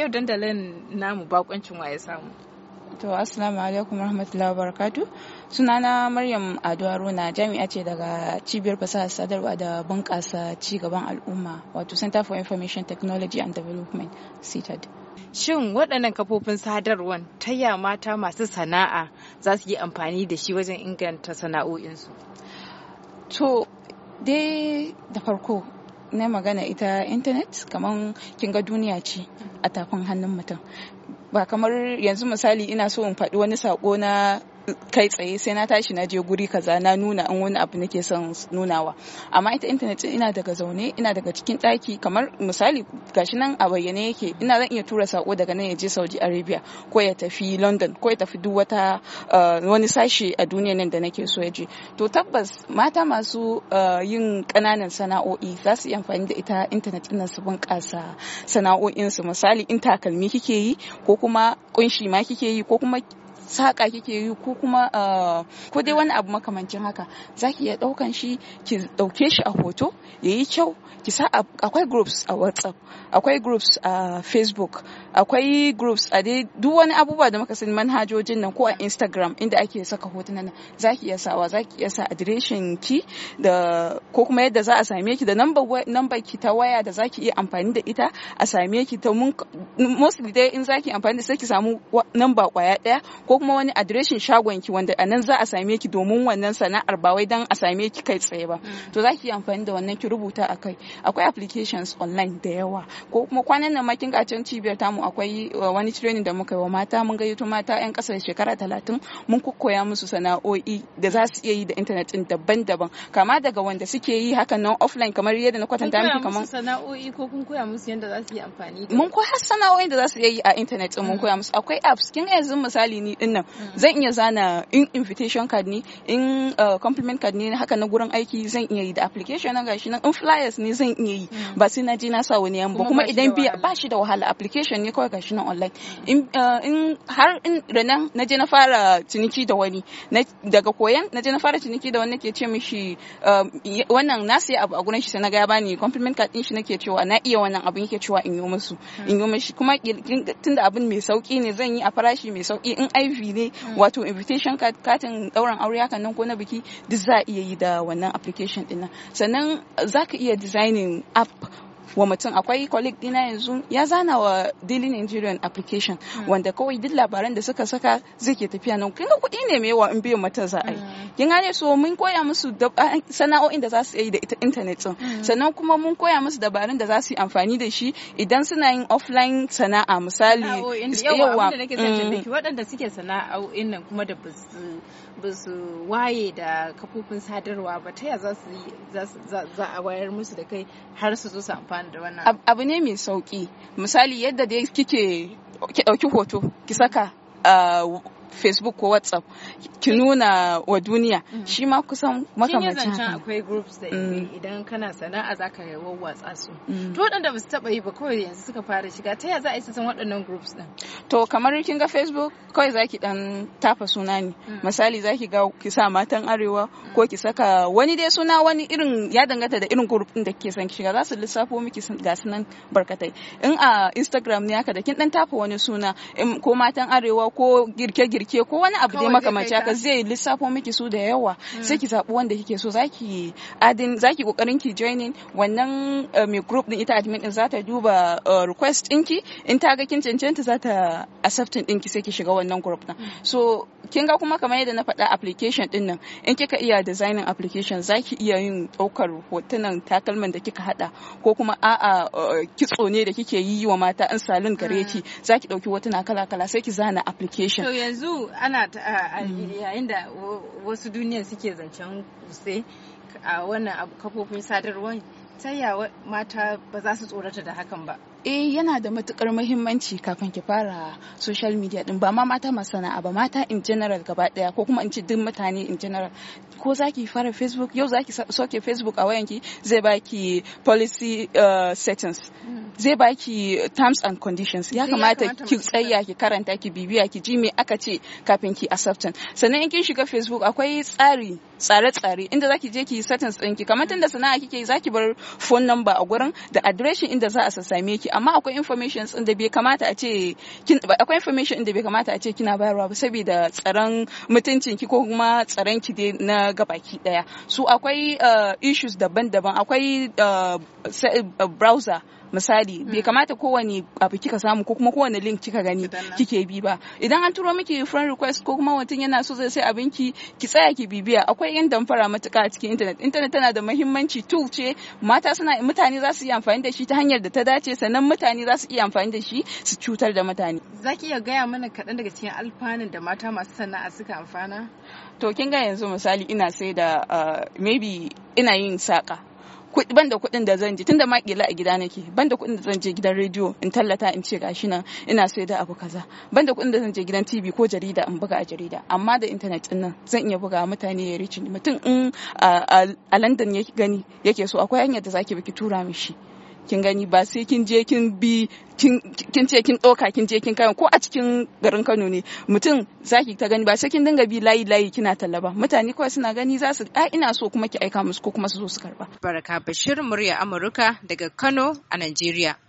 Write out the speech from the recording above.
Yau dandalin namu bakoncin waye samu. To assalamu alaikum warahmatullahi wabarakatuh. Sunana Maryam Ado na jami'a ce daga cibiyar fasaha sadarwa da bunƙasa gaban al'umma wato Center for Information Technology and Development CITED. Shin waɗannan kafofin sadarwar ya mata masu sana'a za su yi amfani da shi wajen inganta sana'o'insu? To dai da farko na magana ita intanet kamar kin ga duniya ce a tafin hannun mutum ba kamar yanzu misali ina so in faɗi wani sako na kai tsaye sai na tashi na je guri kaza na nuna in wani abu nake son nunawa amma ita intanet ina daga zaune ina daga cikin ɗaki kamar misali gashi nan a bayyane yake ina zan iya tura sako daga nan ya je Saudi Arabia ko ya tafi London ko ya tafi duk wata eh, wani sashi a duniya nan da nake so ya je to tabbas mata masu eh, yin ƙananan sana'o'i za su yi amfani da ita intanet ɗin su bunƙasa sana'o'insu misali in takalmi kike yi ko kuma kunshi ma kike yi ko kuma saƙa kike yi ko kuma eh, ko dai wani abu makamancin haka za ki iya ɗaukan shi ki ɗauke shi a hoto ya yi kyau ki sa akwai groups a whatsapp akwai groups a facebook akwai groups a dai duk wani abubuwa da muka sani manhajojin nan ko a instagram inda ake saka hotunan nan za ki iya sawa za ki iya sa adireshin ki da ko kuma yadda za a same ki da number ki ta waya da za ki iya amfani da ita a same ki ta mostly dai in za ki amfani da sai ki samu number kwaya ɗaya ko ko kuma wani adireshin shagon ki wanda anan za a same ki domin wannan sana'ar ba wai dan a same ki kai tsaye ba mm. to za ki yi amfani da wannan ki rubuta akai akwai applications online da yawa ko kuma kwanan nan ma kin ga can cibiyar tamu akwai uh, wani training da muka yi wa mata mun gayyato mata yan kasa da shekara talatin mun koya musu sana'o'i da za su iya yi da internet din daban-daban kama daga wanda suke yi hakan nan offline kamar yadda na kwatanta miki kamar sana'o'i ko kun koya musu yadda za su yi amfani mun koya sana'o'in da za su iya yi a internet din mun mm. koya musu akwai apps kin yanzu misali ni din nan zan iya zana in invitation card ne in uh, compliment card ne haka na gurin aiki zan iya yi da application na gashi nan in flyers ne zan iya yi mm. ba sai na je na sa wani yan ba kuma idan biya ba shi da wahala application ne kawai gashi nan online in uh, har in ranan na je na fara ciniki da wani daga koyan na je na fara ciniki da wani nake ce mishi um, wannan na sai abu a gurin shi sai na ga ya bani compliment card din shi nake cewa na iya wannan abin yake cewa in yi musu in yi mishi kuma tunda abin mai sauki ne zan yi a farashi mai sauki in IV CV ne mm. wato invitation card katin dauran aure haka nan ko na biki duk za a iya yi da wannan application din sannan za ka iya designing app wa mutum akwai colleague dina yanzu ya zana wa daily nigerian application hmm. wanda kawai duk labaran da suka saka zai ke tafiya nan kin ga kuɗi ne mai wa in biyan mata za a yi hmm. kin gane so mun koya musu sana'o'in da za su yi da ita internet din hmm. sannan kuma mun koya musu dabarun da za su yi amfani da shi idan suna yin offline sana'a misali yawa mm. waɗanda suke sana'o'in nan kuma da ba su waye da kafofin sadarwa ba ta yaya za a wayar musu da kai har su zo su amfana abu ne mai sauki misali yadda dai kike ki dauki hoto ki saka ah, facebook ko whatsapp ki nuna wa duniya mm. shi ma kusan makamacin haka akwai groups da mm. idan kana sana'a zaka wawwatsa su mm. to waɗanda ba su taba yi ba kawai yanzu suka fara shiga ta yaya za a yi san waɗannan groups din to kamar kin ga facebook kawai zaki dan tafa suna ne misali zaki ga ki sa matan arewa ko ki saka wani dai suna wani irin ya danganta da irin group din da kike son ki shiga za su lissafo miki ga sunan barkatai in a instagram ne haka da kin dan tafa wani suna ko matan arewa ko girke girke ko wani abu dai makamancin haka zai lissafo miki su da yawa mm. sai ki zaɓi wanda kike so zaki adin zaki kokarin ki joining wannan eh, mai group din ita admin din zata duba eh, request dinki in ta ga kin cancanta zata accepting ɗinki sai ki shiga wannan group din mm. so kin ga kuma kamar yadda na faɗa application din nan in kika iya designing application zaki iya yin ɗaukar hotunan takalman da kika hada ko kuma a'a eh, kitso ne da kike yi wa mata in salon gare ki mm. zaki ɗauki hotuna kala-kala sai ki zana application yanzu ana mm. yayin da wasu duniya suke zancen kutse a wannan kafofin sadarwar ta yawa mata ba za su tsorata da hakan ba eh yana da matukar muhimmanci kafin ki fara social media din ba ma mata masana'a ba mata in general gaba daya ko kuma in ci duk mutane in general ko zaki fara facebook yau zaki soke facebook a wayanki zai baki policy eh, settings hmm. zai baki terms and conditions ya kamata ki tsaya ki karanta ki bibiya ki ji me aka ce kafin ki accepting sannan in kin shiga facebook akwai tsari tsare-tsare inda zaki je ki settings ki kamar tunda sana'a kike za ki bar phone number a gurin da adireshin inda za a same ki amma akwai information din da bai kamata a ce akwai information da bai kamata a ce kina bayarwa ba saboda tsaron mutuncin ki ko kuma tsaron ki dai na gabaki daya su akwai eh, issues daban-daban akwai eh, eh, browser misali mm. bai kamata kowane abu kika samu ko kuma kowane link kika gani kike bi ba idan an turo miki friend request ko kuma mutum yana so zai sai abinki ki tsaya ki bibiya akwai yan damfara matuka a cikin internet internet tana da muhimmanci tool ce mata suna mutane za su yi amfani da shi ta hanyar da ta dace sannan mutane za su iya amfani da shi su cutar da mutane za ki iya gaya mana kaɗan daga cikin alfanun da mata masu sana'a suka amfana to kin ga yanzu misali ina sai da ah, maybe ina yin saka ban da kuɗin da zan je tunda ma kila a gida nake ban da kuɗin da zan je gidan rediyo in tallata in ce gashi nan ina sai da abu kaza ban da kuɗin da zan je gidan TV ko jarida in buga a jarida amma da internet din nan zan iya buga mutane ya rici mutum in a London ya gani yake so akwai hanyar da zaki biki tura mishi kin gani ba sai kin je kin bi kin ce kin ɗauka kin je kin kai ko a cikin garin Kano ne mutum zaki ta gani ba sai kin dinga bi layi layi kina tallaba mutane kawai suna gani za su a ina so kuma ki aika musu ko kuma su zo su karba baraka bashir murya amurka daga Kano a Najeriya